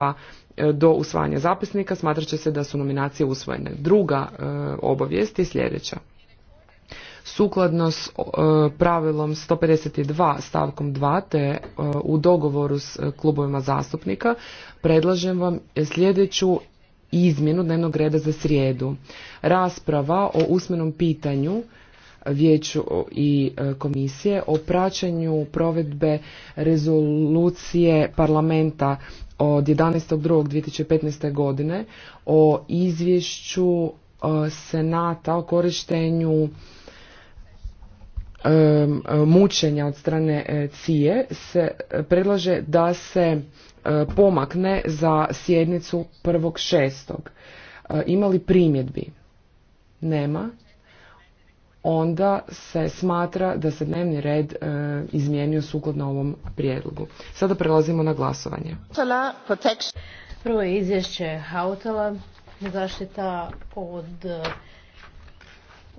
E, do usvajanja zapisnika smatrat će se da su nominacije usvojene. Druga e, obavijest je sljedeća. Sukladno s e, pravilom 152 stavkom 2 te e, u dogovoru s klubovima zastupnika predlažem vam sljedeću izmjenu dnevnog reda za srijedu. Rasprava o usmenom pitanju vijeću i e, komisije o praćenju provedbe rezolucije parlamenta od 11.2.2015. godine o izvješću e, senata o korištenju mučenja od strane CIE e se predlaže da se pomakne za sjednicu 1.6. Ima li primjedbi? Nema onda se smatra da se dnevni red e, izmijenio sukladno ovom prijedlogu. Sada prelazimo na glasovanje. Prvo je izvješće Hautala, zaštita od